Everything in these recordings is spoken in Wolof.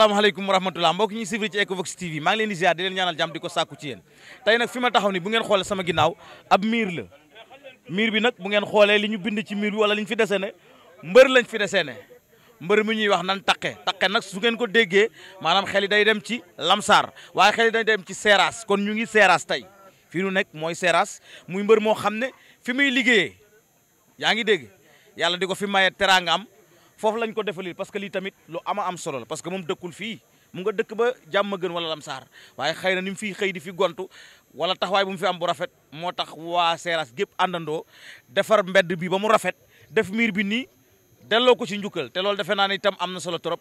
asalaamaaleykum wa rahmatulah mbokk ñi suivre ci Equivox TV maa ngi leen di ziar di leen ñaanal jàmm di ko sàkku ci yéen tey nag fi ma taxaw bu ngeen xoolee sama ginnaaw ab miir la miir bi nag bu ngeen xoolee li ñu bind ci miir bi wala li ñu fi desene mbër lañ fi desene mbër mi ñuy wax nan taqee taqe nag su ngeen ko déggee maanaam xel yi day dem ci lamsaar waaye xel yi day dem ci seeraas kon ñu ngi seeraas tey fii nu nekk mooy seeraas muy mbër moo xam ne fi muy liggéeyee yaa ngi dégg foofu lañ ko defalil parce que lii tamit lu ama am solo la parce que moom dëkkul fii mu nga dëkk ba jàmm gën wala lamsaar waaye xëy na ni mu fiy xëy di fi gontu wala taxawaay bu mu fi am bu rafet moo tax waa Seras gépp àndandoo defar mbedd bii ba mu rafet def miir bi nii delloo ko ci njukkal te loolu defe naa ne itam am na solo trop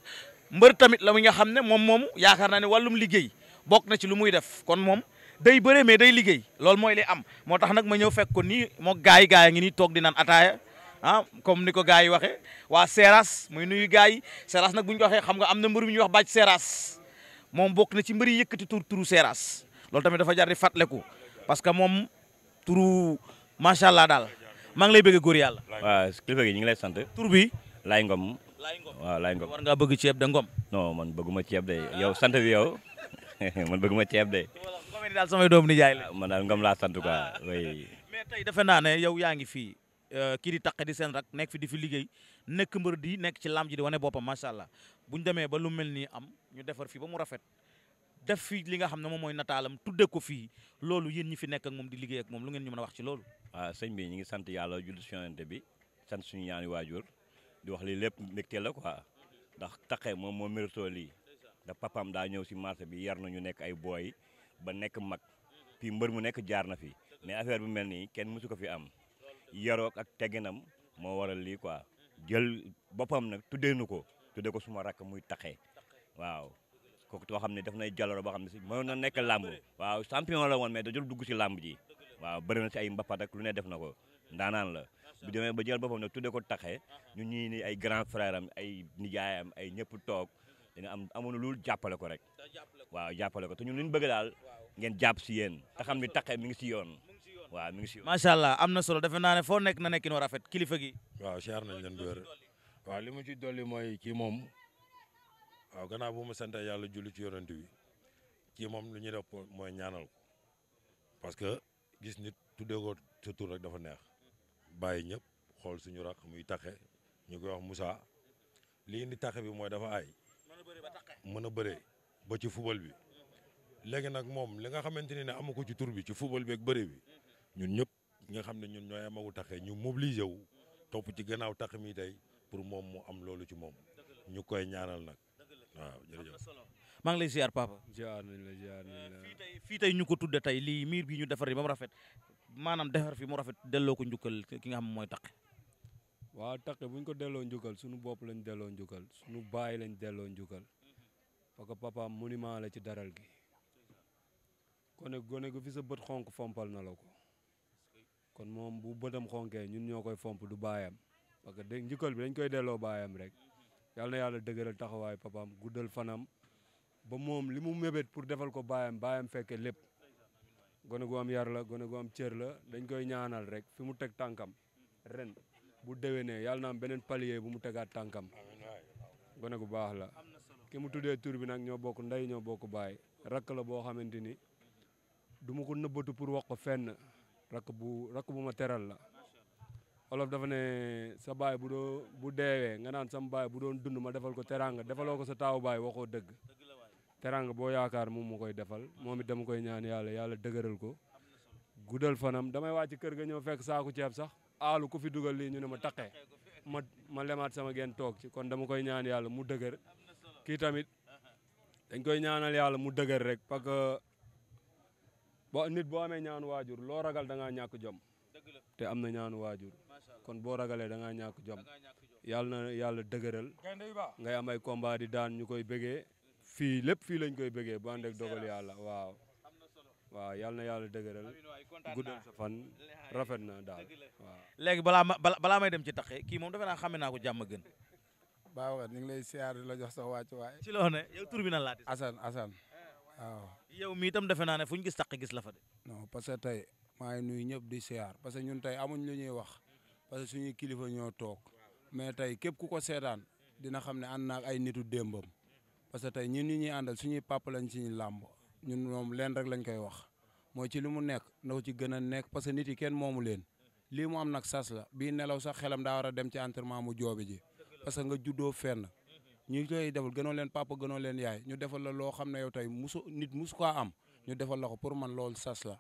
mbër tamit la mu nga xam ne moom moomu yaakaar naa ne wàllum liggéey bokk na ci lu muy def kon moom day bëree mais day liggéey loolu mooy li am moo tax nag ma ñëw fekk ko moo gaay gaay a ngi nii toog di naan ah comme ni ko gars yi waxee waa Seras muy nuyu gars yi Seras nag bu ñu waxee xam nga am na mbër mi ñuy wax bàcc Seras moom bokk na ci mbër yi yëkkati tur turu Seras loolu tamit dafa jar di fàttaliku parce que moom turu macha allah daal maa ngi lay bëgg góor yàlla. waaw kilifa gi ñu ngi lay sant. tur bi Laye Ngom. waaw Laye Ngom war ngaa bëgg ceeb de Ngom. non man bëgguma ceeb de yow sant bi yow man bëgguma ceeb de. Ngom daal nijaay la. Ah, man daal Ngom laa sant quoi. mais defe naa ne yaa ngi fii. Euh, kii di taqe di seen rak nekk fi di fi liggéey nekk mbër di nekk ci lam ji di wane boppam macha allah buñ demee ba lu mel nii am ñu defar fii ba mu rafet def fi li nga xam ne moom mooy nataalam tudde ko fii loolu yéen ñi fi nekk moom di liggéey ak moom lu ngeen ñu mën a wax ci loolu waaw sëñ bi ñu ngi sant yàlla julli si yonente bi sant suñu ñaani waajur di wax lii lépp mbégte la ko quoi ndax taqe moom moo méritoo lii da papam daa ñëw si marché bi yar nañu nekk ay booy ba nekk mag mbër mu nekk jaar na fi mais bu mel nii kenn mësu ko fi am yaroog ak teginam moo waral lii quoi jël boppam nag tuddee nu ko tuddee ko suma rakk muy taxee waaw kooku koo xam ne daf nay jaloor boo xam ne si mën na nekk làmb waaw champion la woon mais dajul dugg si làmb ji waaw bëri na si ay mbapat lu ne def na ko ndaanaan la bu demee ba jël boppam nag tuddee ko taxee ñu ñii nii ay grand frère am ay nijaayam ay ñëpp toog dina am amoon lu jàppale ko rek waaw jàppale ko te ñun li bëgg daal ngeen jàpp si yéen te xam ni taxee mi ngi si yoon waaw mi ngi si macha allah am na solo defe naa ne foo nekk na nekkin war rafet kilifa gi. waaw siyaar na leen wér waaw li mu ci dolli mooy kii moom waaw gannaaw bu mu sant yàlla julli ci yonent bi kii moom lu ñuy def mooy ñaanal ko parce que gis nit tuddee ko sa tur dafa neex bàyyi ñëpp xool suñu rakk muy taxe ñu koy wax Moussa li indi taxe bi mooy dafa ay mën a bëree ba ci football bi léegi nag moom li nga xamante ne amu ko ci tur bi ci football bi ak bëre bi ñun ñëpp nga xam ne ñun ñooy amagu taxe ñu mobiliser wu topp ci ganaaw tax mi tey pour moom mu am loolu ci moom ñu koy ñaanal nag waaw jërëjëf. maa ngi lay ziar papa. ziar nañ la ziar nañ fii tey fii ñu ko tudde tey lii miir bi ñu defaree ba mu rafet maanaam defar fi mu rafet delloo ko njukkal ki nga xam mooy tax. waaw taxe bu ñu ko delloo njukkal suñu bopp lañ delloo njukkal suñu baay lañ delloo njukkal parce que papa monument la ci daral gi. kone gone gu fi sa bët xonk fompal na la ko kon moom bu bëtam xonkee ñun ñoo koy fomp du baayam parce que dégg njëkkal i dañ koy delloo baayam rek yal na yàlla dëgëral taxawaay papaam guddal fanam ba moom li mu mébét pour defal ko baayam baayam fekke lépp gone gu am yar la gone gu am cër la dañ koy ñaanal rek fi mu teg tànkam ren bu déwénee yàlla na am beneen palier bu mu tegaat tànkam gone gu baax la ki mu tuddee tur bi nag ñoo bokk ndey ñoo bokk baay rakk la boo xamante ni du ma nëbbatu pour wax ko rakk bu rakk bu ma teral la olof dafa ne sa baay bu doo bu deewee nga naan sama baay bu doon dund ma defal ko teraanga defaloo ko sa taawu baay waxoo dëgg teraanga boo yaakaar moom mu koy defal moom it dama koy ñaan yàlla yàlla dëgëral ko guddal fanam damay wàcc kër ga ñëw fekk saaku ceeb sax aalu ku fi dugal lii ñu ne ma taqee ma ma lemaat sama geen toog ci kon dama koy ñaan yàlla mu dëgër rek bo nit boo amee ñaan waajur loo ragal da ngaa ñàkk jom te am na ñaanu waajur kon boo ragalee da ngaa ñàkk jom yàlla na yàlla dëgëral ngay am ay combat di daan ñu koy bëggee fii lépp fii lañ koy bëggee bu ànd ak dogal yàlla waaw waaw yàlla na yàlla dëgëral guddal sa fan rafet na daal waaw. léegi balaa ma balaa may dem ci taxe kii moom defe naa xame naa ko jàmm gën. baaw ñu ngi lay siyaar la jox sa wàcc waaye ci loo ne yow tur bi nan laa Assane waaw yow mii itam defe naa ne fu ñu gis taq gis la fa de. non parce que tey maa nuyu ñëpp di siyaar parce que ñun tey amuñ lu ñuy wax parce suñuy kilifa ñoo toog mais tey képp ku ko seetaan dina xam ne ànd naag ay nitu démbam parce que tey ñun ñi ñuy àndal suñuy papa lañ ci làmb ñun moom leen rek lañ koy wax mooy ci li mu nekk ndaw ci gën a nekk parce que nit yi kenn moomu leen lii mu am nag sas la bii nelaw sax xelam daa war a dem ci entraînement mu joobe ji parce nga juddoo fenn ñu koy defal gënoo leen papa gënoo leen yaay ñu defal la loo xam ne yow tey musu nit musu ko am ñu defal la ko pour man loolu sas la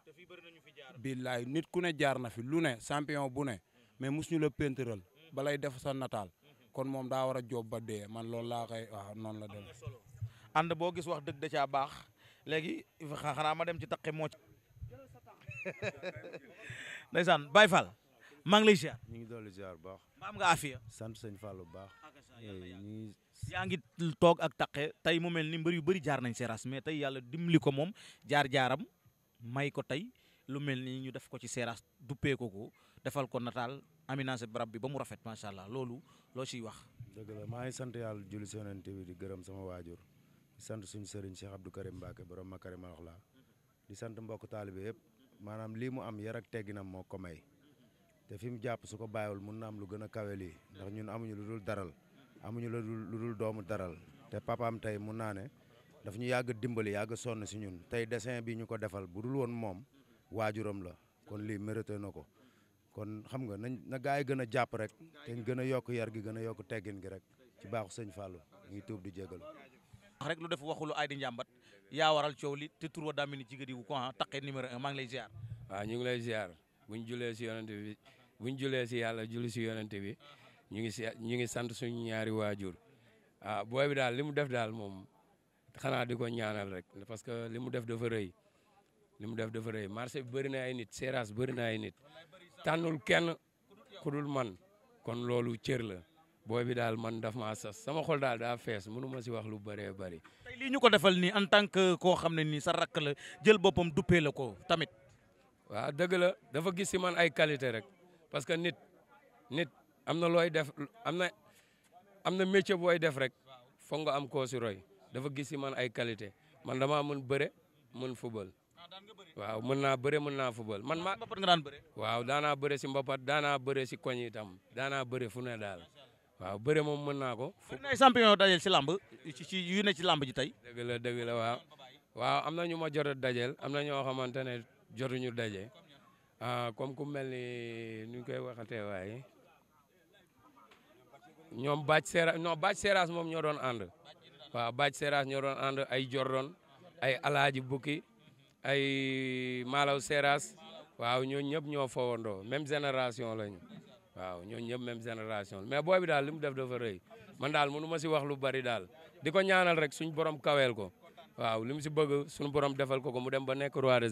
billaay nit ku ne jaar na fi lu ne champion bu ne mais mus ñu la péntural mm-hmm. balay def sa nataal mm-hmm. kon moom daa war a joob ba dee man loolu laa koy noonu la dem ànd boo gis wax dëgg da caa baax léegi xanaa ma dem ci taqe moo ci ndeysaan Baye Fall maa ngi lay ziar ñu ngi dolli ziar bu baax ma am nga sëñ Fall bu baax yaa ngi toog ak taqe tey mu mel ni mbër yu bëri jaar nañ seeraas mais tey yàlla dimbali ko moom jaar-jaaram may ko tey lu mel ni ñu def ko ci seeraas duppee ko ko defal ko nataal aménagé barab bi ba mu rafet macha allah loolu loo ciy wax. dëgg la maa ngi sant yàlla julli soo Yonent bi di gërëm sama waajur di sant suñu sëriñ Cheikh Abdou Karim Mbacke borom Makarim Alxuraan di sant mbokk taalibe yëpp maanaam lii mu am yar ak tegginam moo ko may te fi mu jàpp su ko bàyyiwul mun na am lu gën a kawe lii ndax ñun amuñu lu daral. amuñu la lu dul doomu daral te papam tey mun naa ne daf ñu yàgg dimbali yàgg sonn si ñun tey dessin bi ñu ko defal bu dul woon moom waajuram la kon lii mérité na ko kon xam nga nañ na gaa yi gën a jàpp rek te gën a yokk yar gi gën a yokk teggin gi rek ci baaxu sëñ Fallou ngi tuub di jégalu. wax rek lu def waxulu ay di njàmbat yaa waral coow li te tur wa daa mel ni jigéen wu ko ah taqee numéro un maa ngi lay ziar. waaw ñu ngi lay ziar buñ julee si yonent bi buñ julee si yàlla julli si yonent bi ñu ngi si ñu ngi sant suñu ñaari waajur ah booy bi daal li mu def daal moom xanaa di ko ñaanal rek parce que li mu def dafa rëy li mu def dafa rëy marché bi bëri na ay nit Seras bëri na ay nit tànnul kenn ku man kon loolu cër la booy bi daal man daf maa sas sama xol daal daa fees mënu si wax lu bëree bëri. lii ñu ko defal nii en tant que koo xam ne nii sa rakk la jël boppam duppee la ko tamit. waaw dëgg la dafa gis si man ay qualité rek parce que nit nit. am na looy def am na am na métier booy def rek foog nga am koo si dafa gis si man ay qualité man damaa mën bëre mën football waaw mën naa bëre mën naa football man ma waaw daanaa bëre si mbapat daanaa bëre si koñ itam daanaa bëre fu ne daal waaw bëre moom mën naa ko champion dajel si lamb ci yu ne ci lamb ji tey dëgg la dëgg la waaw waaw am na ñu ma jot a dajel am na ñoo xamante ne jotuñu daje ah, comme ku mel ni ñu koy waxatee waaye ñoom Bac Seras non Bac Seras moom ñoo doon ànd waaw Bac Seras ñoo doon ay Jordan ay Alaaji Bukki ay Malaw Seras waaw ñoo ñëpp ñoo fowandoo même génération lañu waaw ñoo ñëpp même génération mais boobi daal li mu def dafa man daal mënu ma si wax lu bari daal di ko ñaanal rek suñu borom kaweel ko waaw li mu si bëgg suñu borom defal ko ko mu dem ba nekk roi des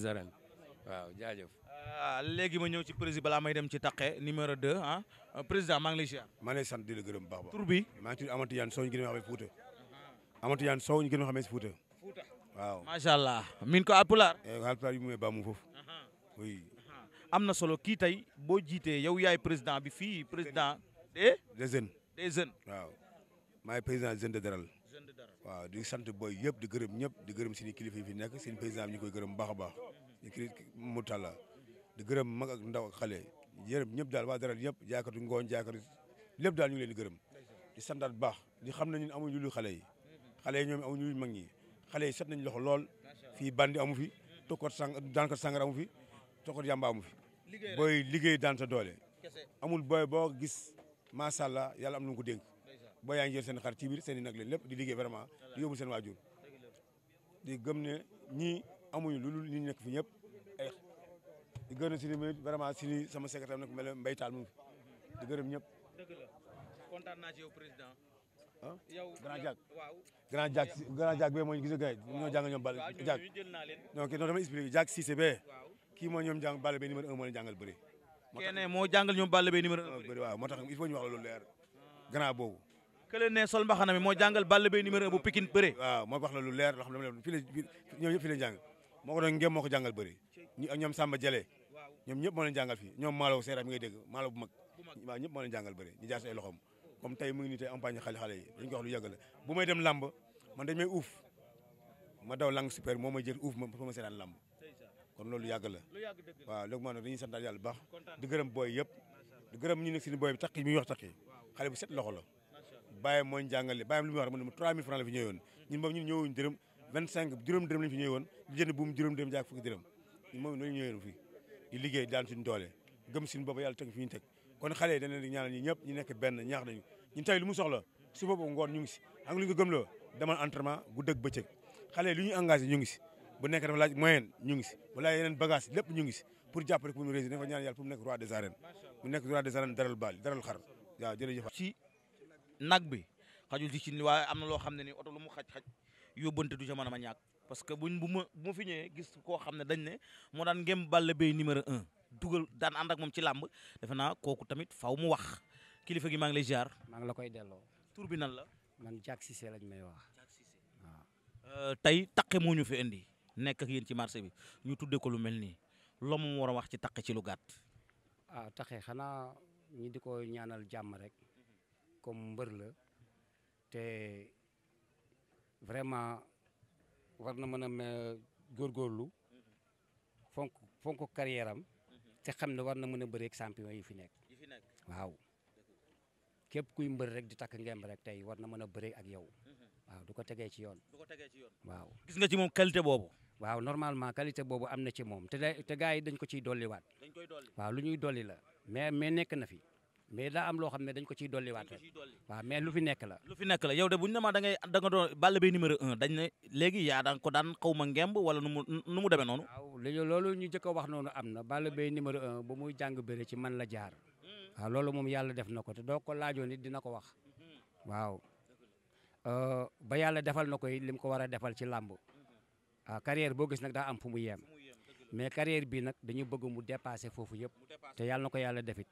Euh, léegi ma ñëw ci président balaa may dem ci taqe numéro 2 ah euh, président maa ngi lay ziar. maa ngi lay sant di la gërëm baax baax. tur bi maa ngi tudd Amath Tidiane Sow ñu gën a xamee Fouta. Uh-huh. Amath Tidiane Sow ñu gën a xamee si Fouta. waaw macha allah. min ko Alpulaar. Eh, Alpulaar yu muy baamu foofu. Uh-huh. oui. Uh-huh. am na solo kii tey boo jiitee yow yaay président bi fii président. des des jeunes. des jeunes waaw. maay président jeune de Daral. waaw di sant booy yëpp di gërëm ñëpp di gërëm seen i kilifa yi fi nekk seen président bi koy gërëm baax a baax. di kii Moutalla di gërëm mag ak ndaw ak xale yërëm ñëpp daal waa dara ñëpp jaakatu ngooñ jaakatu lépp daal ñu leen di gërëm di santaat bu baax di xam ne ñun amuñu lu xale yi xale yi ñoom amuñu lu mag ñi xale yi set nañ loxo lool fii bandi amu fi tokkoot sang daan ko sangar amu fi yàmba amu fi booy liggéey daan doole amul booy boo gis macha allah yàlla am lu ko dénk booy yaa seen xar ci biir seen i nag leen lépp di liggéey vraiment di seen waajur di gëm ne ñii amuñu lu lu ñi nekk fi ñëpp di gërëm si ni vraiment si ni sama secrétaire nag mel Mbaye Tall mu ngi fi di gërëm ñëpp. dëgg la kontaan naa ci yow président. ah grand Diak grand Diak grand Diak bee moo ñu gis gars yi ñoo jàng ñoom Balla Diak donc non dama expliqué Diak kii moo ñoom jàng Balla Beye numéro 1 moo leen jàngal bëri. moo tax kenn moo jàngal ñoom Balla Beye numéro 1 ah, bëri waaw moo tax il faut ñu wax loolu leer grand boobu. kële ne sol mbaxana mi moo jàngal Balla Beye numéro 1 bu Pikine bëri. waaw moo wax leer loo la lu ñëpp fi la jàng moo ko doon ngem moo ko jàngal bëri ñu ak ñoom Samba Jalle ñoom ñëpp moo leen jàngal fii ñoom maalo seera mi ngay dégg maalo bu mag waaw ñëpp moo leen jàngal bëri ñu jaar si ay loxoom comme mu ngi nii tey campagne yi dañ ko wax lu yàgg la bu may dem làmb man dañ may uuf ma daw kon loolu yàgg la waaw léegi moo nag dañuy santaat yàlla bu baax di gërëm booy yëpp ñu nekk si ni booy bi takki mi wax takki xale bu set loxo la bàyyi mooñ jàngale bàyyi lu muy wax rek mu ne ma 3000 francs la fi ñëwoon ñun boobu ñun ñëwoon fi di liggéey daan suñu doole gëm suñu boobu yàlla teg fi ñu teg kon xale yi dañu leen di ñaanal ñi ñëpp ñu nekk benn ñaax nañu ñun tey lu mu soxla suba boobu ngoon ñu ngi si xam nga lu ñu ko gëmloo ñu ngi si bu nekk dafa laaj moyen ñu ngi si wala yeneen bagage lépp ñu ngi si pour jàppale ko mu réussir dafa ñaan yàlla pour mu nekk roi des arènes mu nekk roi des daral baal daral xar waaw jërëjëf ci nag bi xajul ci ci waaye am na loo xam ne ni oto lu mu xaj xaj yóbbante du jamono ma ñàkk parce que bu ma bu ma fi ñëwee gis koo xam ne dañ ne moo daan ngem Balla Beye numéro un dugal daan ànd ak moom ci làmb defe naa kooku tamit faw mu wax kilifa gi maa ngi lay jaar maa ngi la koy delloo. tur bi nan la. man Diak Cissé lañ may wax. Euh, tey taqe moo ñu fi indi nekk ak yéen ci marché bi ñu tuddee ko lu mel nii loo mu war a wax ci taqe ci lu gàtt. ah xanaa ñi di ko ñaanal jàmm rek comme mbër la war na mën a góorgóorlu fonk fonk carrière am te xam ne war na mën a bëreeg champion yi fi nekk waaw képp kuy mbër rek di takk ngemb rek tey war na mën a bëreeg ak yow waaw du ko tegee ci yoon waaw gis nga ci moom qualité boobu waaw normalement qualité boobu am na ci moom te te gars yi dañ ko ciy dolliwaat waaw lu ñuy dolli la mais mais nekk na fi mais daa am loo xam ne dañ ko ciy dolliwaat rek waaw mais lu fi nekk la lu fi nekk la yow de bu ñu ne ma da ngay da nga doon Balla Gaye numéro un dañ ne léegi yaa daan ko daan xaw ma ngemb wala nu mu nu mu demee noonu waaw léegi loolu ñu jëkk a wax noonu am na ball Gaye numéro un ba muy jàng bëre ci man la jaar hmm. loolu moom yàlla def na ko te doo ko laajoon it dina ko wax hmm. waaw euh, ba yàlla defal na ko it li mu ko war a defal ci làmb waaw hmm. ah, boo gis nag daa am fu mu yem mais carrière bii nag dañu bëgg mu dépassé foofu yëpp te yàlla na ko yàlla defit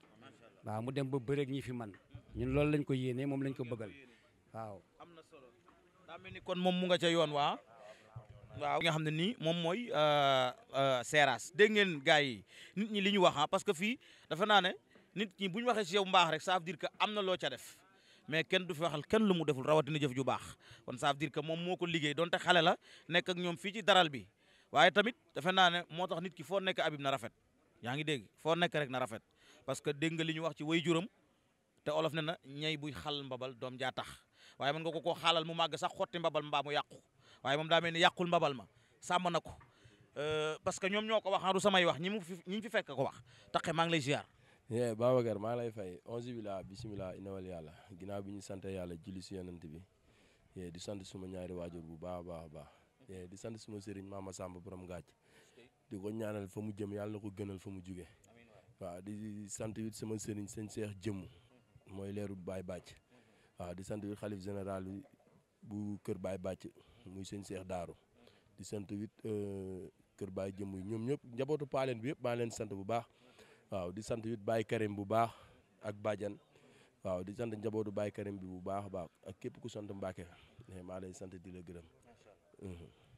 waaw mu dem ba bëreeg ñi fi man ñun loolu lañ koy yéenee moom lañ ko bëggal waaw. am na solo daa mel ni kon moom mu nga ca yoon waa waaw nga xam ne nii moom mooy euh, euh, Seras dégg ngeen gars yi nit ñi li ñu wax ah, parce que fii dafa naa ne nit ki bu ñu waxee si yow mbaax rek ça veut dire que am na loo ca def mais kenn du fi waxal kenn lu mu deful rawatina jëf ju baax kon ça veut dire que moom moo ko liggéey donte xale la nekk ak ñoom fii ci daral bi waaye tamit dafa naa ne moo tax nit ki foo nekk Habib na rafet yaa ngi dégg foo nekk rek na rafet. parce que dégg nga li ñu wax ci way juram te olof ne na ñay buy xal mbabal doom jaa tax waaye mën nga ko koo xaalal mu màgg sax xotti mbabal mbaa mu yàqu waaye moom daa mel ni yàqul mbabal ma sàmm na ko euh, parce que ñoom ñoo ko wax du samay wax ñi mu fi ñi fi fekk ko wax taqe maa ngi lay ziar. yee eh, Babacar maa lay fay onze bila bisimilah inawal yàlla ginnaaw bi ñu sante yàlla julli si yonent bi yee eh, di sant suma ñaari waajur bu baax a baax a baax yee eh, di sant suma Samba borom gàcc di ko ñaanal fa mu jëm yàlla ko gënal fa mu jugee waaw di sant it sama sëriñ sëñ Seex Jëmm mooy leeru baay Bàcc waaw di sant it xalif général bi bu kër baay Bàcc muy sëñ Seex Daaru di sant it euh, kër Baye Jëmm yi ñoom ñëpp njabootu paaleen bi yëpp maa leen sant bu baax waaw di sant it baay Karim bu baax ak Badiane waaw di sant njabootu Baye Karim bi bu baax a baax ak képp ku sant Mbacke maa lay sant di la gërëm.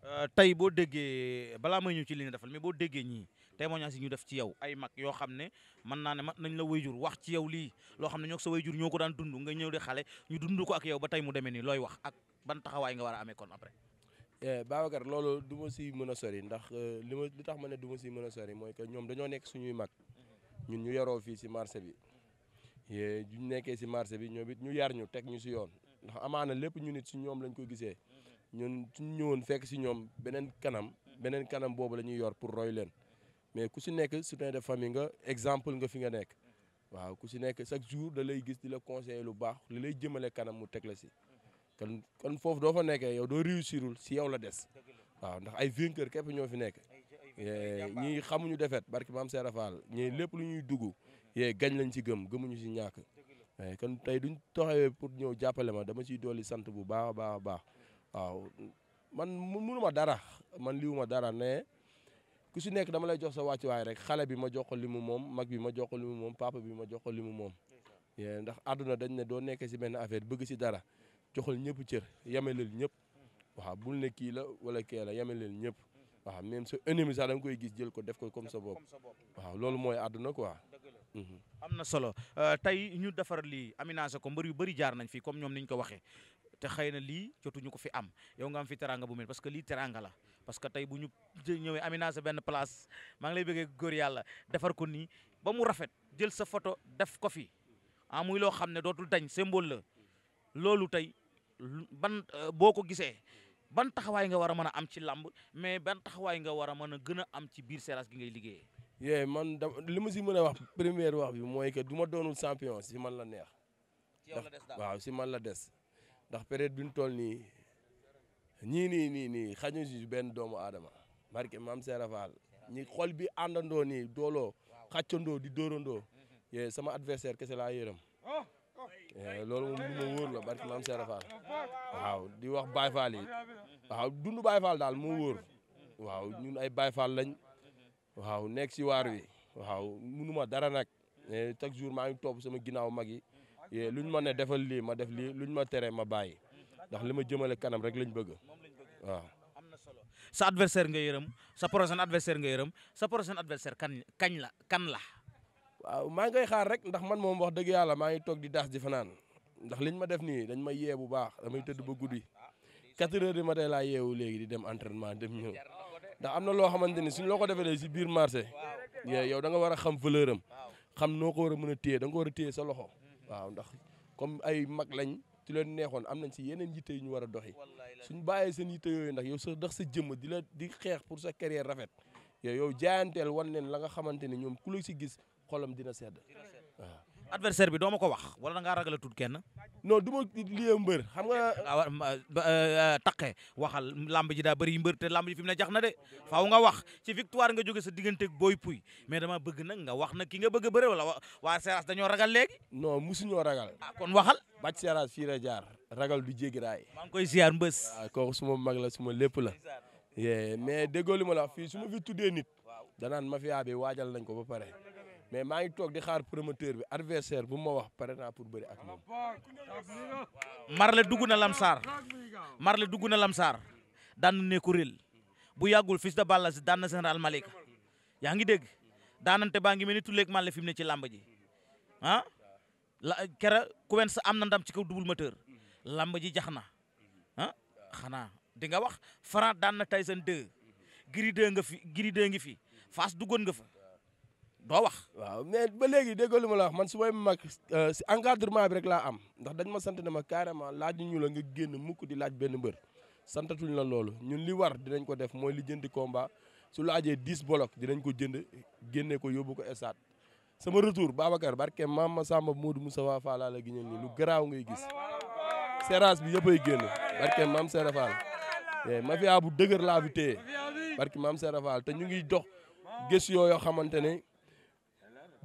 Euh, tey boo déggee balaa may ñëw ci li nga defal mais boo déggee ñii témoignage yi ñu def ci yow ay mag yoo xam ne man naa ne mat nañ la jur wax ci yow lii loo xam ne ñoo ko sa wayjur ko daan dund nga ñëw di xale ñu dund ko ak yow ba tey mu demee nii looy wax ak ban taxawaay nga war a amee kon après. Eh, Babacar loolu du si mën a sori ndax euh, li ma li tax ma ne du si mën a sori mooy que ñoom dañoo nekk suñuy mag ñun ñu yaroo fii si marché bi ñu nekkee si marché bi ñoom it ñu yar ñu teg ñu si yoon ndax amaana lépp ñu nit si ñoom lañ ko gisee ñun suñu ñëwoon fekk si ñoom beneen kanam beneen kanam boobu la ñuy yor pour roy leen mais ku si nekk soutien de famille nga exemple nga fi nga nekk waaw ku si nekk chaque jour da lay gis di la conseiller lu baax li lay jëmale kanam mu teg la si kon kon foofu doo fa nekkee yow doo réussirul si yow la des waaw ndax ay vainqueur képp ñoo fi nekk eh, ñi xamuñu defet barki am Serap Fall ñi lépp lu ñuy dugg yee gañ lañ si gëm gëmuñu si ñàkk eh, kon tey duñ toxawee pour ñëw jàppale ma dama siy dolli sant bu baax a baax a baax waaw man munuma dara man ma dara ne ku si nekk dama lay jox sa wàccuwaay rek xale bi ma jox ko li mu moom mag bi ma jox ko li moom papa bi ma jox ko li mu moom. ndax àdduna dañ ne doo nekkee si benn affaire bëgg si dara joxal ñëpp cër yemeleel ñëpp waaw bul ne kii la wala kee la yemeleel ñëpp. waaw même sa ennemi sax da nga koy gis jël ko def ko comme sa bopp waaw loolu mooy àdduna quoi. am na solo tey ñu defar lii aménagé ko mbër yu bëri jaar nañ fii comme ñoom ni ñu ko waxee te xëy na lii jotuñu ko fi am yow nga am fi teranga bu mel parce que lii teranga la parce que tey bu ñu ñëwee aménagé benn place maa ngi lay bëggee góor yàlla defar ko nii ba mu rafet jël sa photo def ko fi amuy ah, loo xam ne dootul dañ symbole la loolu tey ban euh, boo ko gisee ban taxawaay nga war a mën a am ci làmb mais ban taxawaay nga war a mën a gën a am ci biir Seras gi ngay liggéeyee. yee man da li ma si mën a wax première wax bi mooy que du ma doonul champion si man la neex. waaw si man la des. ndax période bi ñu toll nii ñii nii nii nii xañu si benn doomu aadama barke maam Serap Fall ñi xol bi àndandoo nii dooloo xàccandoo di dóorandoo yee sama adversaire kese laa yërëm loolu moom lu ma wóor la barke maam Serap Fall waaw di wax Baye yi waaw daal moo wóor waaw ñun ay Baye lañ waaw nekk si waar wi waaw mënuma dara nag chaque jour maa ngi topp sama ginnaaw mag yi. yee luñ ma ne defal lii ma def lii luñ ma tere ma bàyyi ndax li ma jëmale kanam rek lañ bëgg waaw. sa adversaire nga yërëm sa prochain adversaire nga yërëm sa prochain adversaire kan kañ la kan la. waaw maa nga xaar rek ndax man moom wax dëgg yàlla maa ngi toog di daas di fanaan ndax liñ ma def nii dañ ma yee bu baax damay tëdd ba guddi 4 heures ma matin laa yeewu léegi di dem entraînement dem ñëw ndax am na loo xamante ni suñ loo ko defee si biir marché yow da nga war a xam valeur am xam noo ko war a a téye da war a téye sa loxo waaw ndax comme ay mag lañ ci leen neexoon am nañ si yeneen yitte yu ñu war a doxi suñ bàyyee seen yitte yooyu ndax yow sa ndax sa jëmm di la di xeex pour sa carrière rafet yow yow jaayanteel wan leen la nga xamante ne ñoom ku la si gis xolam dina sedd waaw adversaire bi doo ma ko wax wala da ngaa ragal a tudd kenn. non du ma liye mbër xam nga. Ah, euh, euh, taqe waxal lamb ji daa bëri mbër te lamb ji fi mu ne jax na de faaw nga wax ci victoire nga jóge sa digganteeg booy puy mais dama bëgg nag nga wax na ki nga bëgg a bëre wa waa Seras dañoo ragal léegi. non musuñoo ragal. a ah, kon waxal. bàcc Seras fii jaar ragal du jéggi raay. maa ngi koy ziar mbës. waaw ah, kooku suma mag la suma lépp la. mais déggoo li ma la wax fii su ma fi tuddee nit. danaan mafia bi waajal nañ ko ba pare. mais maa ngi toog di xaar promoteur bi adversaire bu ma wax pare naa pour bëri ak moom. Marley dugg na Lamsaar Marley dugg na Lamsaar daan na ne kuréel bu yàggul Fils de Balla si daan na général Malika yaa ngi dégg daanante baa ngi mel ni tulleeg Marley fi mu ne ci lamba ji ah la kera kuwen am na ndam ci kaw double moteur làmb ji jax na ah xanaa di wax Franc daan na Tyson 2 Gris fi Gris 2 ngi fi fas duggoon nga fa. doo wax. waaw mais ba léegi déggoo ma la man su may mag euh, si encadrement bi rek laa am ndax dañ ma sant ne ma carrément laaj ñuul a nga génn mukk di laaj benn mbër santatuñu la loolu ñun li war dinañ ko def mooy li jëndi combat su laajee dix bolok dinañ ko jënd génne ko yóbbu ko estaat sama retour Babacar barke Mama Samba Modou Moussa Falla la gi ñëw nii lu garaaw ngay gis séerase bi yëppay génn barke Mame Serap Fall eh, mafia bu dëgër laa fi téye barke maam Serap te ñu ngi dox gëstu yoo xamante ne.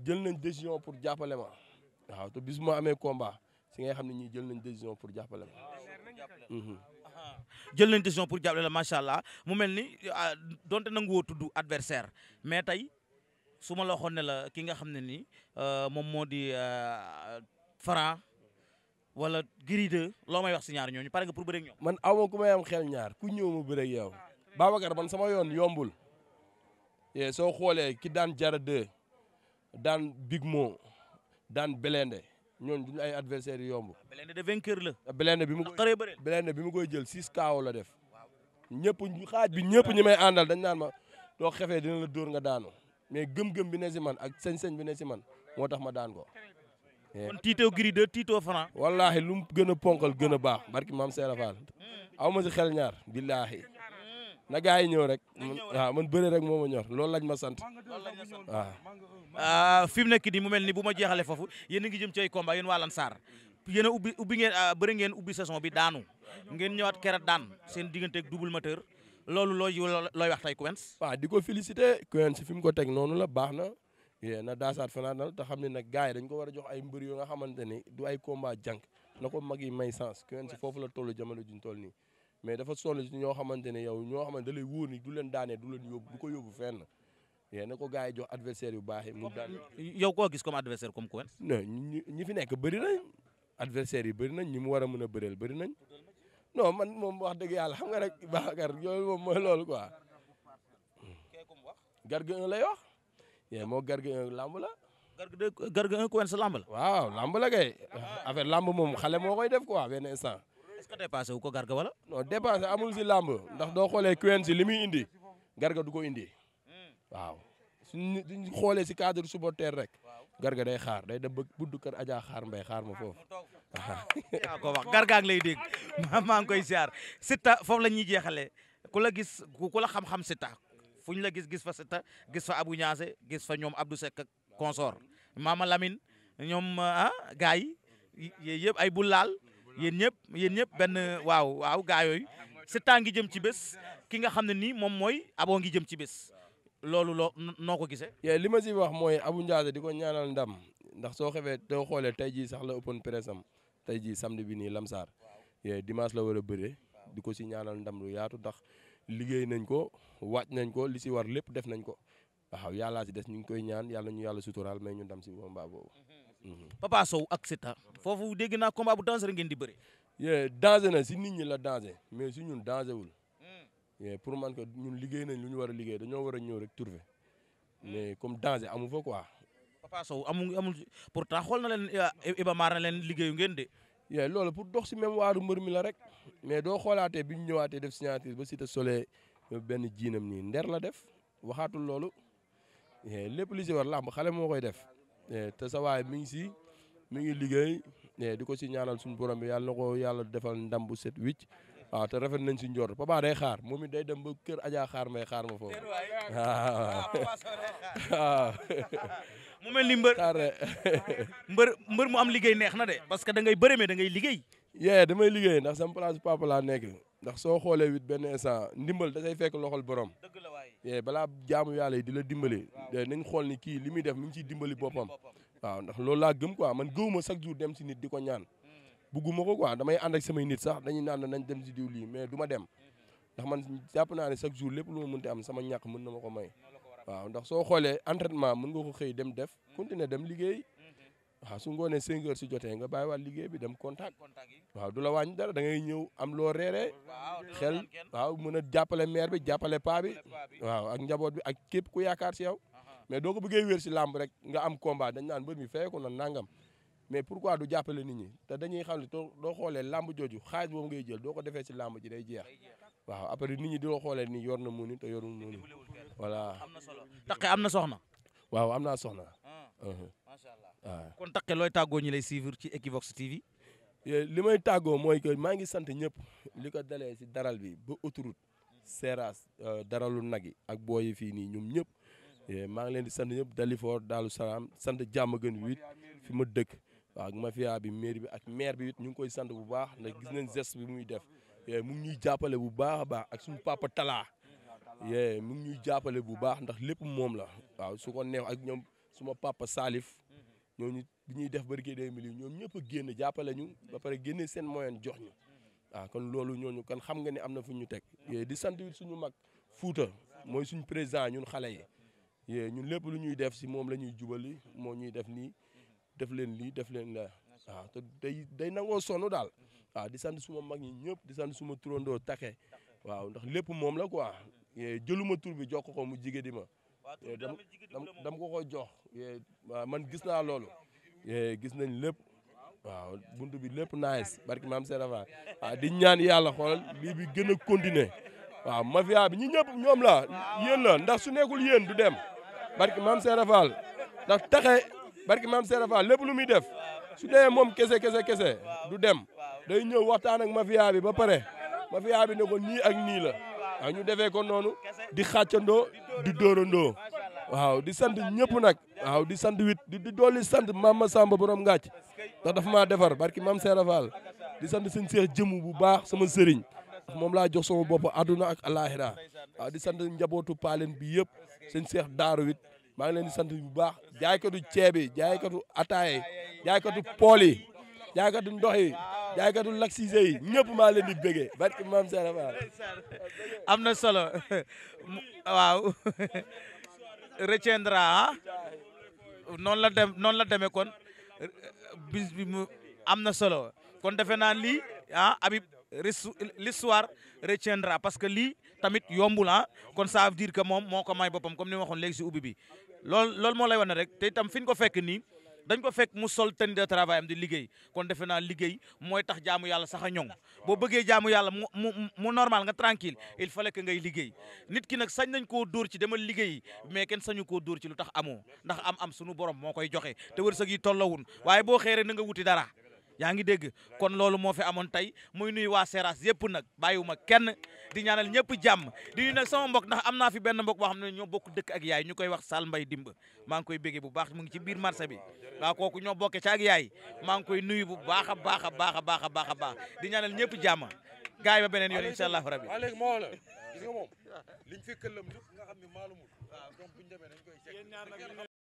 jël nañ décision pour jàppale waaw te bis bu amee combat si ngay xam ne ñii jël nañ décision pour jàppale ma. Mhm. jël nañ décision pour jàppale la macha allah mu mel ni ah, donte nanguwoo tudd adversaire mais tey su ma la waxoon ne la ki nga xam ne ni euh, moom moo di euh, Franc wala Gris 2 loo may wax si ñaar ñooñu pare nga pour bëreeg ñoom. man aw ma ku xel ñaar ku ñëw ma bëreeg yow. Babacar man sama yoon yombul. Eh, soo xoolee ki daan jara daan Big Mo daan Belende ñooñu duñu ay adversaires yu yomb. Ah, Belende de vainqueur la. Ah, Belende bi mu koy Belende bi mu koy jël six KO la def ñëpp xaaj bi ñëpp ñi may àndal dañ naan ma doo xefee dina la dóor nga daanu mais gëm-gëm bi ne si man ak sañ-sañ bi ne si man moo tax ma daan ko. Eh. kon tiitoo Gris 2 tiitoo Franc. wallaahi lu mu gën a ponkal gën a baax barki mam Serap Fall hmm. aw ma si xel ñaar billaahi na gaa yi ñëw rek waaw man bëre rek moo ma ñor loolu lañ ma sant waaw fi mu nekk nii mu mel ni bu ma jeexale foofu yéen a ngi jëm ci ay combat yéen waa Lansar yéen ubbi ngeen ah, bëri ngeen ubbi saison bi daanu ngeen ñëwaat keroog daan seen diggante ak double moteur loolu looy looy wax tey Quench waaw di ko félicité Quench fi mu ko teg noonu la baax na na daasaat fanaa dal te xam ne nag gars yi dañ ko war a jox ay mbër yoo nga xamante ni du ay combat jànk na ko mag yi may sens Quench foofu la tollu jamono juñ toll nii mais dafa sonn ci ñoo xamante ne yow ñoo xamante da lay wóor ni du leen daanee du leen yóbbu du ko yóbbu fenn yee na ko gars yi jox adversaire yu baax yi mu daan yow koo gis comme adversaire comme Quench non ñi fi nekk bëri nañ adversaire yi bëri nañ ñi mu war a mën a bëreel bëri nañ non man moom wax dëgg yàlla xam nga rek Babacar yooyu moom mooy loolu quoi Garga lay wax moo Garga 1 làmb la Garga 1 Quench sa waaw làmb la kay affaire làmb moom xale moo koy def quoi benn instant que dépassé wu ko garga wala. non amul si làmb ndax doo xoolee QNC li muy indi garga du ko indi waaw suñu xoolee si cadre supporter rek garga day xaar day dem ba buddu kër Adja xaar mbay xaar ma foofu. yaa ko wax garga ak lay dégg maa ngi koy siyaar Siteu foofu la ñuy jeexalee ku la gis ku la xam-xam Siteu fu ñu la gis gis fa Siteu gis fa Abou Niasse gis fa ñoom Abdou Seck ak consort Mama Lamine ñoom ah ay bul yéen ñëpp yéen ñëpp benn waaw waaw gaa yooyu Siteu ngi jëm ci bés ki nga xam ne nii moom mooy Abo ngi jëm ci bés loolu loo noo ko gisee. li ma si wax mooy Abou Ndiaye di ko ñaanal ndam ndax soo xewee doo xoolee tey jii sax la open press am tey jii samedi bi nii Lamsaar dimanche la war a bëree di ko si ñaanal ndam lu yaatu ndax liggéey nañ ko wàcc nañ ko li si war lépp def nañ ko waaw yàllaa si des ñu ngi koy ñaan yàlla ñu yàlla suturaal mais ñu ndam si combat boobu. Mhm. Papa Sow ak Siteu foofu dégg naa combat bu dangereux ngeen di bëri. yee danger na si nit ñi la danger mais si ñun danger wul. Hmm. yee pour man que ñun liggéey nañ lu ñu war a liggéey dañoo war a ñëw rek trouver mais hmm. comme danger amu fa quoi. Papa Sow amul amul pourtant xool na leen euh, Iba Mar na leen liggéeyu ngeen de. yee loolu pour dox si même waaru mbër mi la rek mais doo xoolaatee bi ñu ñëwaatee def signature ba si Siteu solee benn jiinam nii nder la def waxaatul loolu lépp li si war xale moo koy def. Eh, te sa waay mi ngi si mi ngi liggéey eh, di ko si ñaanal suñu borom bi yàlla na ko yàlla defal ndam bu set wicc waaw te rafet nañ si njort papa day xaar moom it day dem ba kër Adja xaar may xaar ma foofu ah, waaw. Ah, ah. mu mel ni mbër mbër mbër mu am liggéey neex na de parce que da ngay bëre mais da ngay liggéey. yee damay liggéey ndax sama place papa laa nekk ndax soo xoolee wit benn instant ndimbal da say fekk loxol borom. Eh, balaa jaamu yàlla yi di la dimbale eh, nañ xool ni kii li muy def mu ngi ciy dimbali boppam waaw ndax loolu laa gëm quoi man gëwuma chaque jour dem si nit di ko ñaan hmm. bugguma ko quoi damay ànd ak samay nit sax dañuy naan nañ dem si diw lii mais du ma dem hmm. ndax man jàpp naa ne chaque jour lépp lu ma mënti am sama ñàkk mën na ma ko may waaw ndax soo xoolee entraînement mën nga ko xëy dem def hmm. continuer dem liggéey waaw su ngoonee cinq heures si jotee nga bàyyiwaat liggéey bi dem contact waaw du la wàññi dara da ngay ñëw am loo rere xel waaw mën a jàppale maire bi jàppale paa bi waaw ak njaboot bi ak képp ku yaakaar si yow mais doo ko bëggee wér si làmb rek nga am combat dañ naan mbër mi feyeku na nangam mais pourquoi du jàppale nit ñi te dañuy xam ne doo xoolee làmb jooju xaalis boobu ngay jël doo ko defee si làmb ji day jeex waaw après nit ñi di la xoolee ni yor na muuni te yorul muuni voilà. am na solo taqe am na soxna. waaw am naa soxna. Ah. Uh-huh. macha allah. kon taqe looy tàggoo ñi lay suivre ci Equivox TV. Eh, li may tàggoo mooy que maa ngi sant ñëpp li ko dalee si daral bi ba autoroute seeraas euh, daralu nag yi ak booy yi fii nii ñoom ñëpp eh, maa ngi leen di sant ñëpp Dalifor daalu Salaam sant jàmm gën wit fi ma dëkk waaw ak mafia bi mairie bi ak maire bi it ñu ngi koy sant bu baax ndax gis nañ geste bi muy def eh, mu ngi ñuy jàppale bu baax a baax ak suñu papa talaa mu ñuy jàppale bu baax ndax lépp moom la waaw su ko neex ñooñu bi ñuy def barke des millions ñoom ñëpp a génn jàppale ñu ba pare génne seen moyen jox ñu waaw kon loolu ñooñu kon xam nga ni am na fu ñu teg ah. eh, di sant suñu mag fuuta mooy suñu président ñun xale yi yée eh, ñun lépp lu ñuy def si moom la ñuy jubali moo ñuy def nii def leen lii def leen la waaw ah, te day day nangoo sonn daal ah di sant suma mag ñi ñëpp di sant suma turandoo take waaw ndax lépp moom la quoi eh, jëluma tur bi jox ko mu jige di ma dam ko ko jox Eh, waaw man gis naa loolu eh, gis nañ lépp waaw bunt bi lépp nice barki maam Serapha waaw di ñaan yàlla xoolal lii bi gën a continuer waaw mafia bi ñi ñëpp ñoom la yéen la ndax su nekkul yéen du dem barki maam Serapha ndax taxe barki maam Serapha lépp lu muy def su dee moom kese kese kese du dem day ñëw waxtaan ak mafia bi ba pare mafia bi ne ko nii ak nii la waaw ñu defee ko noonu di xàccandoo di dóorandoo waaw di sant ñëpp nag waaw di sant wit di dolli sant Mama Samba borom ngàcc a dafa maa defar barki maam Seera Fall di sant sëñ Seex jëmu bu baax sama sëriñ moom laa jox sama bopp àdduna ak alaaxira waaw di sant njabootu paalen bi yëpp sëñ Seex daaru wit maa ngi leen di sant bu baax jaaykatu ceeb yi jaaykatu ataaye jaaykatu pool yi jaaykatu ndox yi jaaykatu laksise yi ñëpp maa leen di bëggee barki maam Seera Fall am na solo waaw retiendra noonu la dem noonu la demee kon mu am na solo kon defe naa lii ah Habib l'histoire retiendra parce que lii tamit yombul ah kon ça veut dire moom moo ko may boppam comme ni ma waxoon léegi si ubbi bi loolu moo lay wane rek te itam fi ko fekk nii dañ ko fekk mu sol tenue de travail am di liggéey kon defe naa liggéey mooy tax jaamu yàlla sax a ñoŋ boo bëggee jaamu yàlla mu mu mu normal nga tranquille il fallait que ngay liggéey nit ki nag sañ nañ koo dóor ci demal liggéey mais kenn sañu ko dóor ci lu tax amoo ndax am am sunu borom moo koy joxe te wërsëg yi tollawun waaye boo xeere na nga wuti dara yaa ngi dégg kon loolu moo fi amoon tey muy nuyu waa Seras yëpp nag bàyyiwuma kenn di ñaanal ñëpp jàmm di nuyu nag sama mbok ndax am naa fi benn mbok boo xam ne ñoo bokk dëkk ak yaay ñu koy wax saal Mbay Dimba maa ngi koy béggee bu baax mu ngi ci biir marché bi waaw kooku ñoo bokkee ci ak yaay maa ngi koy nuyu bu baax a baax a baax a baax a baax a baax di ñaanal ñëpp jàmm gaay ba beneen yoon incha allahu rabi léegi moo la gis nga moom liñ fi këllam lépp nga xam ne maalumul